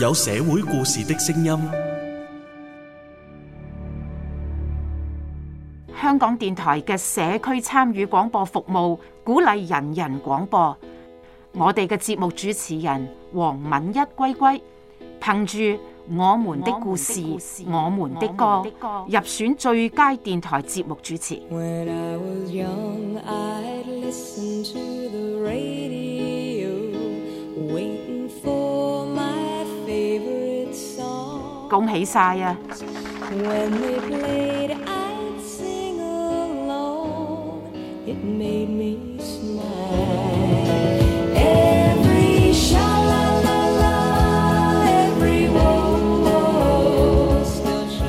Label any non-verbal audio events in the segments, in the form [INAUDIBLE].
有社會故事的聲音。香港電台嘅社區參與廣播服務，鼓勵人人廣播。我哋嘅節目主持人黃敏一歸歸，憑住我們的故事、我們的故事、我們的歌，我們的歌入選最佳電台節目主持。恭喜曬啊！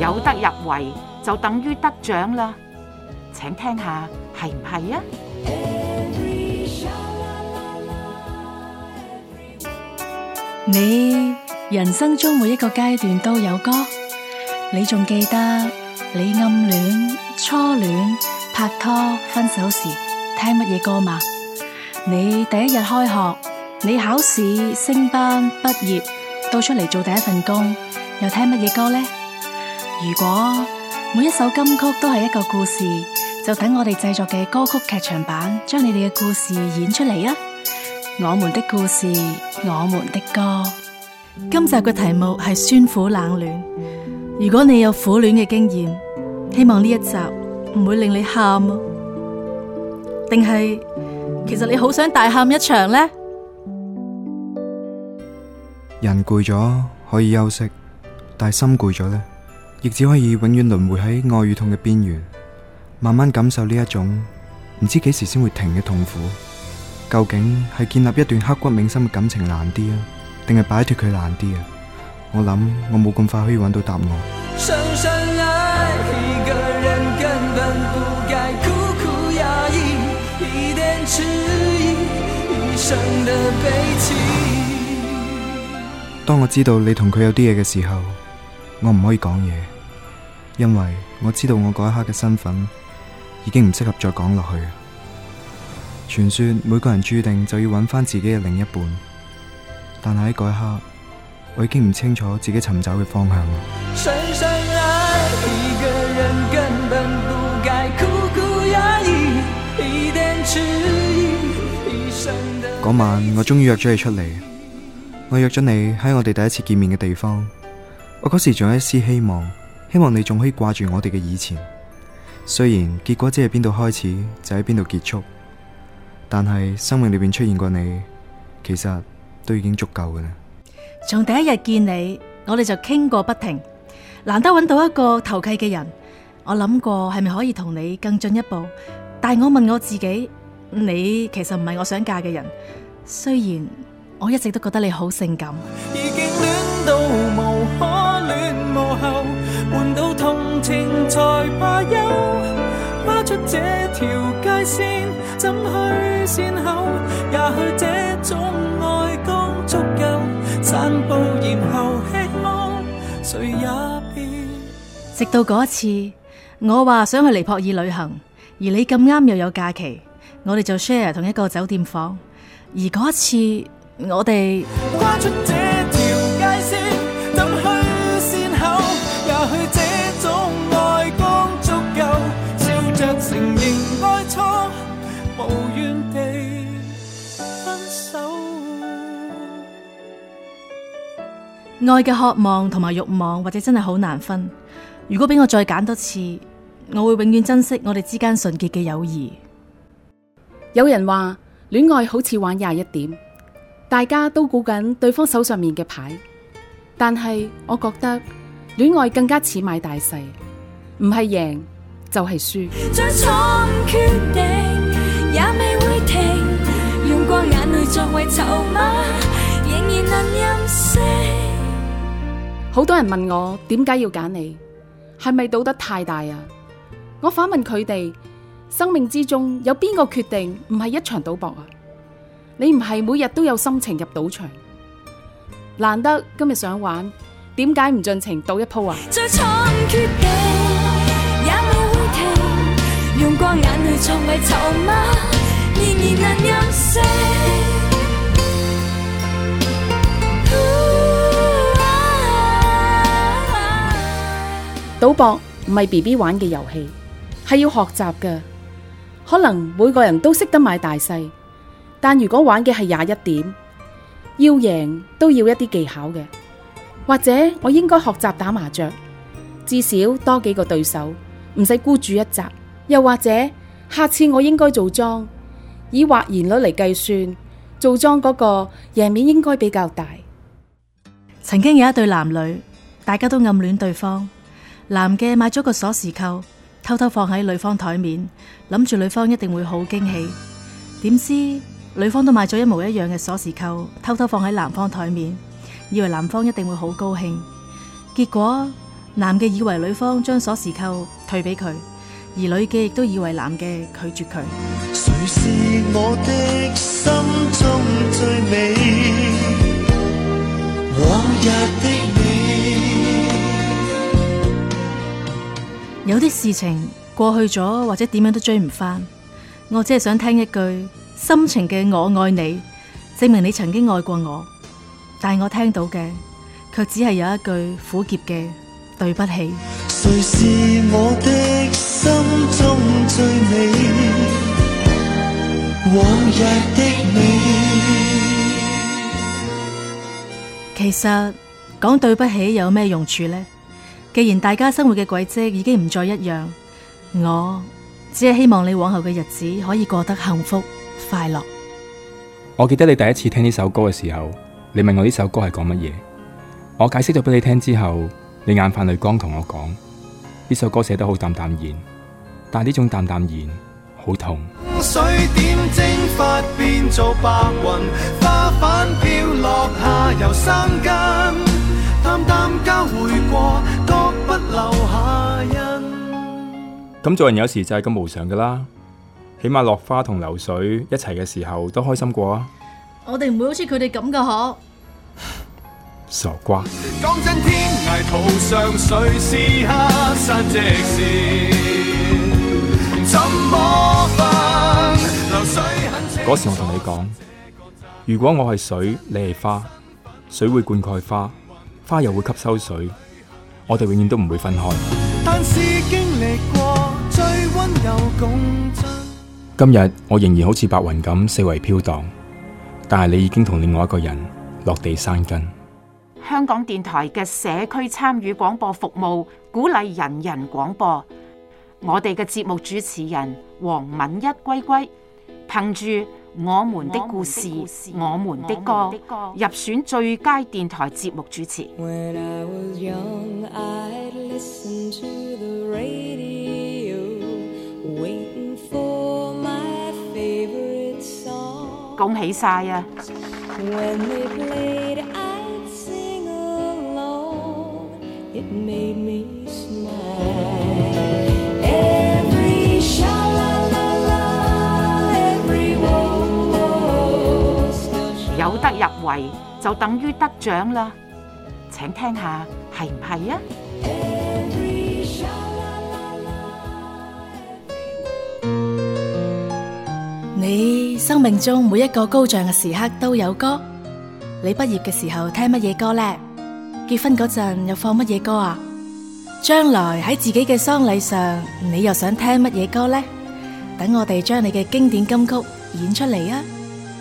有得入圍就等於得獎啦！請聽下係唔係啊？你。人生中每一個階段都有歌，你仲記得你暗戀、初戀、拍拖、分手時聽乜嘢歌嗎？你第一日開學、你考試、升班、畢業到出嚟做第一份工，又聽乜嘢歌呢？如果每一首金曲都係一個故事，就等我哋製作嘅歌曲劇場版，將你哋嘅故事演出嚟啊！我們的故事，我們的歌。今集嘅題目係酸苦冷暖。如果你有苦戀嘅經驗，希望呢一集唔會令你喊。定係其實你好想大喊一場呢？人攰咗可以休息，但係心攰咗呢，亦只可以永遠輪回喺愛與痛嘅邊緣，慢慢感受呢一種唔知幾時先會停嘅痛苦。究竟係建立一段刻骨銘心嘅感情難啲啊？淨係擺脫佢難啲啊！我諗我冇咁快可以搵到答案。深深苦苦當我知道你同佢有啲嘢嘅時候，我唔可以講嘢，因為我知道我嗰一刻嘅身份已經唔適合再講落去。傳說每個人注定就要搵翻自己嘅另一半。但係喺嗰一刻，我已經唔清楚自己尋找嘅方向。嗰晚我終於約咗你出嚟，我約咗你喺我哋第一次見面嘅地方。我嗰時仲有一絲希望，希望你仲可以掛住我哋嘅以前。雖然結果只係邊度開始，就喺邊度結束，但係生命裏邊出現過你，其實。都已經足夠嘅啦。從第一日見你，我哋就傾過不停，難得揾到一個投契嘅人。我諗過係咪可以同你更進一步，但係我問我自己，你其實唔係我想嫁嘅人。雖然我一直都覺得你好性感。已經戀到無可戀無後換到可同情才罷休，跨出這條界線，怎去善後，也許這種希望誰也別，直到嗰一次，我話想去尼泊爾旅行，而你咁啱又有假期，我哋就 share 同一個酒店房。而嗰一次，我哋。 [NOISE] 愛嘅渴望同埋欲望，或者真係好難分。如果俾我再揀多次，我會永遠珍惜我哋之間純潔嘅友誼。有人話戀愛好似玩廿一點，大家都估緊對方手上面嘅牌。但係我覺得戀愛更加似買大細，唔係贏就係輸。再錯誤決定，也未會停，用光眼淚作為籌碼，仍然能任性。好多人問我點解要揀你，係咪賭得太大啊？我反問佢哋：生命之中有邊個決定唔係一場賭博啊？你唔係每日都有心情入賭場，難得今日想玩，點解唔盡情賭一鋪啊？賭博唔係 B B 玩嘅遊戲，係要學習嘅。可能每個人都識得買大細，但如果玩嘅係廿一點，要贏都要一啲技巧嘅。或者我應該學習打麻雀，至少多幾個對手，唔使孤注一擲。又或者下次我應該做莊，以或然率嚟計算，做莊嗰個贏面應該比較大。曾經有一對男女，大家都暗戀對方。男嘅買咗個鎖匙扣，偷偷放喺女方台面，諗住女方一定會好驚喜。點知女方都買咗一模一樣嘅鎖匙扣，偷偷放喺男方台面，以為男方一定會好高興。結果男嘅以為女方將鎖匙扣退俾佢，而女嘅亦都以為男嘅拒絕佢。「誰是我的心中最美？往日的你。」有啲事情過去咗，或者點樣都追唔翻。我只係想聽一句深情嘅“我愛你”，證明你曾經愛過我。但我聽到嘅，卻只係有一句苦澀嘅“對不起”。誰是我的心中最美往日的你？其實講對不起有咩用處呢？既然大家生活嘅軌跡已經唔再一樣，我只係希望你往後嘅日子可以過得幸福快樂。我記得你第一次聽呢首歌嘅時候，你問我呢首歌係講乜嘢？我解釋咗俾你聽之後，你眼泛淚光同我講，呢首歌寫得好淡淡然，但呢種淡淡然好痛。水點咁做人有時就係咁無常噶啦，起碼落花同流水一齊嘅時候都開心過啊！我哋唔會好似佢哋咁嘅，嗬傻瓜。嗰時我同你講，如果我係水，你係花，水會灌溉花，花又會吸收水。我哋永遠都唔會分開。但係經歷過，最溫柔共證。今日我仍然好似白雲咁四圍飄蕩，但係你已經同另外一個人落地生根。香港電台嘅社區參與廣播服務，鼓勵人人廣播。我哋嘅節目主持人黃敏一歸歸，憑住。我們的故事，我們的故事，我們的歌，我們的歌入選最佳電台節目主持。恭喜晒啊！入圍就等於得獎啦，請聽下係唔係啊？你生命中每一個高漲嘅時刻都有歌，你畢業嘅時候聽乜嘢歌呢？結婚嗰陣又放乜嘢歌啊？將來喺自己嘅喪禮上，你又想聽乜嘢歌呢？等我哋將你嘅經典金曲演出嚟啊！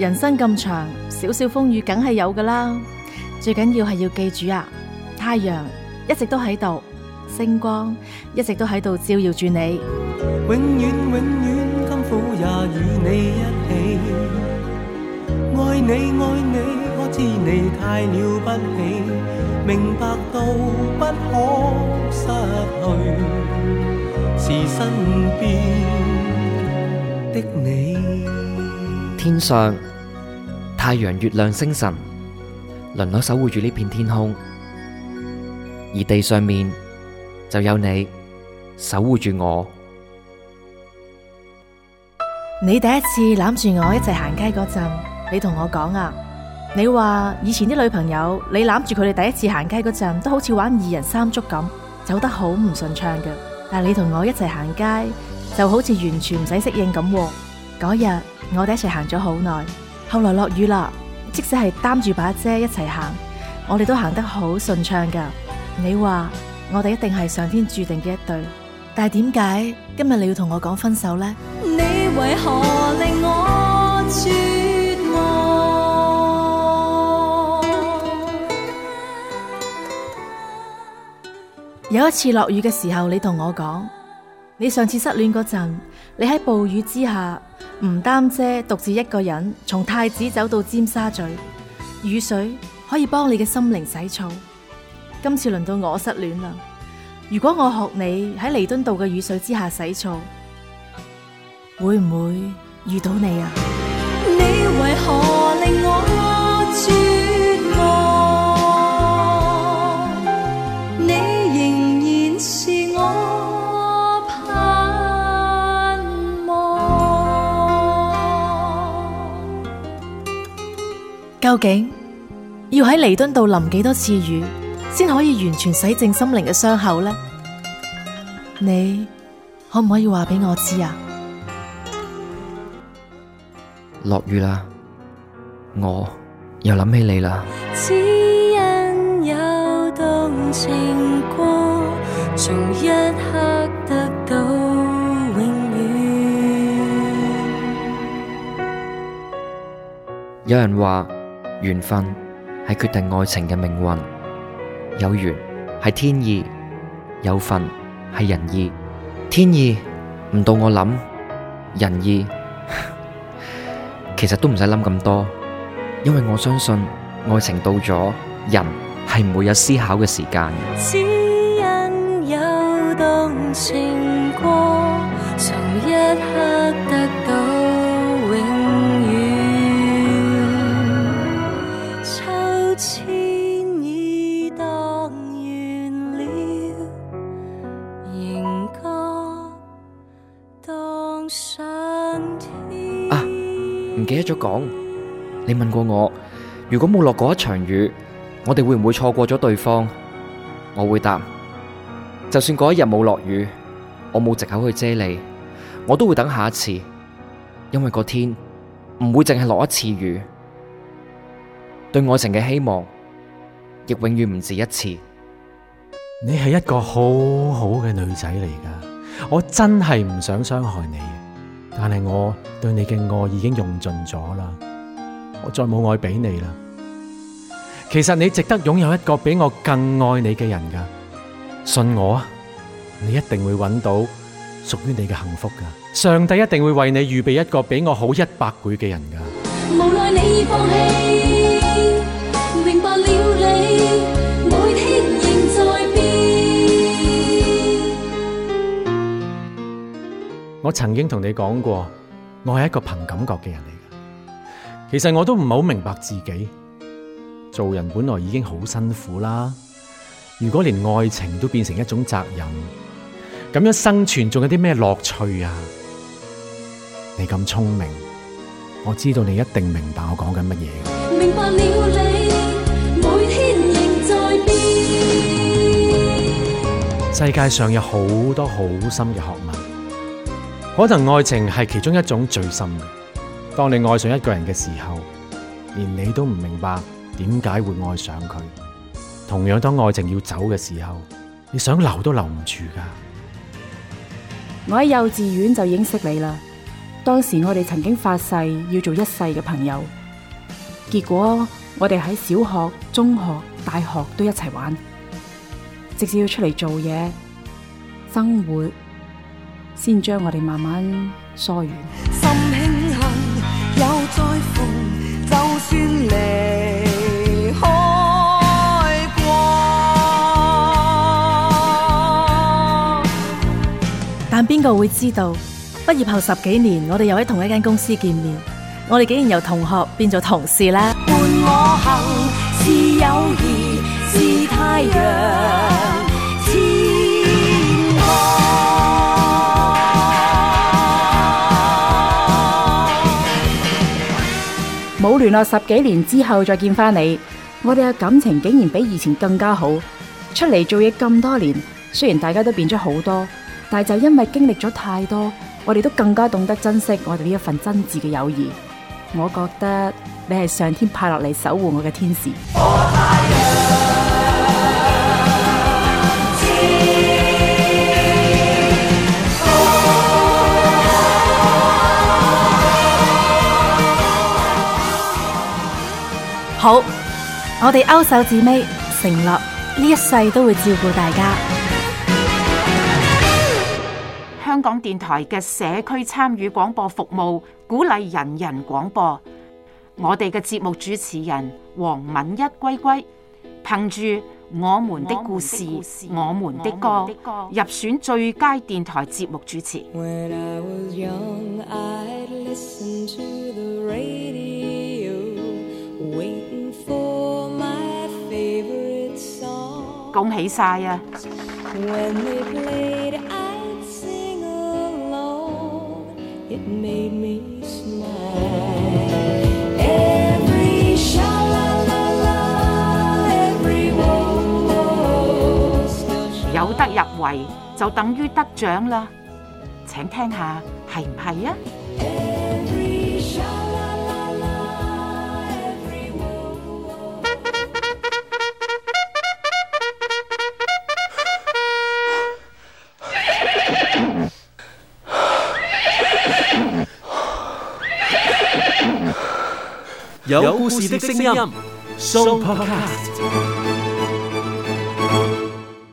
人生咁長，少少風雨梗係有噶啦。最緊要係要記住啊，太陽一直都喺度，星光一直都喺度照耀住你。永遠永遠，甘苦也與你一起。愛你愛你，可知你太了不起？明白到不可失去，是身邊的你。天上。太陽、月亮、星辰，輪流守護住呢片天空，而地上面就有你守護住我。你第一次攬住我一齊行街嗰陣，你同我講啊，你話以前啲女朋友，你攬住佢哋第一次行街嗰陣，都好似玩二人三足咁，走得好唔順暢嘅。但係你同我一齊行街，就好似完全唔使適應咁。嗰日我哋一齊行咗好耐。後來落雨啦，即使係擔住把遮一齊行，我哋都行得好順暢噶。你話我哋一定係上天注定嘅一對，但係點解今日你要同我講分手呢？你為何令我絕望？ [MUSIC] 有一次落雨嘅時候，你同我講，你上次失戀嗰陣。你喺暴雨之下唔擔遮，獨自一個人從太子走到尖沙咀，雨水可以幫你嘅心靈洗澡。今次輪到我失戀啦！如果我學你喺彌敦道嘅雨水之下洗澡，會唔會遇到你啊？你為何令我究竟要喺彌敦道淋幾多次雨，先可以完全洗淨心靈嘅傷口呢？你可唔可以話俾我知啊？落雨啦，我又諗起你啦。只因有動情過，從一刻得到永遠。有人話。緣分係決定愛情嘅命運，有緣係天意，有份係人意。天意唔到我諗，人意其實都唔使諗咁多，因為我相信愛情到咗，人係唔會有思考嘅時間。只因有動情過，從一刻得到。唔記得咗講，你問過我，如果冇落過一場雨，我哋會唔會錯過咗對方？我會答，就算嗰一日冇落雨，我冇借口去遮你，我都會等下一次，因為個天唔會淨係落一次雨，對愛情嘅希望亦永遠唔止一次。你係一個好好嘅女仔嚟噶，我真係唔想傷害你。但係我對你嘅愛已經用盡咗啦，我再冇愛俾你啦。其實你值得擁有一個比我更愛你嘅人噶。信我啊，你一定會搵到屬於你嘅幸福噶。上帝一定會為你預備一個比我好一百倍嘅人噶。無奈，你放棄我曾經同你講過，我係一個憑感覺嘅人嚟嘅。其實我都唔係好明白自己，做人本來已經好辛苦啦。如果連愛情都變成一種責任，咁樣生存仲有啲咩樂趣啊？你咁聰明，我知道你一定明白我講緊乜嘢。明白了你，你每天仍在世界上有好多好深嘅學問。可能愛情係其中一種最深嘅。當你愛上一個人嘅時候，連你都唔明白點解會愛上佢。同樣，當愛情要走嘅時候，你想留都留唔住㗎。我喺幼稚園就認識你啦。當時我哋曾經發誓要做一世嘅朋友。結果我哋喺小學、中學、大學都一齊玩，直至要出嚟做嘢、生活，先將我哋慢慢疏遠。心慶幸有再逢，就算離開過。但邊個會知道，畢業後十幾年，我哋又喺同一間公司見面，我哋竟然由同學變做同事呢？伴我行，似友誼，似太陽。冇聯絡十幾年之後，再見翻你，我哋嘅感情竟然比以前更加好。出嚟做嘢咁多年，雖然大家都變咗好多，但係就因為經歷咗太多，我哋都更加懂得珍惜我哋呢一份真摯嘅友誼。我覺得你係上天派落嚟守護我嘅天使。 [NOISE] 好，我哋勾手指尾，承諾呢一世都會照顧大家。香港電台嘅社區參與廣播服務，鼓勵人人廣播。Mm. 我哋嘅節目主持人黃敏一歸歸，憑住我們的故事、我們的故事、我們的歌、我們的歌入選最佳電台節目主持。恭喜晒啊！有得入圍就等於得獎啦！請聽下係唔係啊？有故事的，的聲音 Some Podcast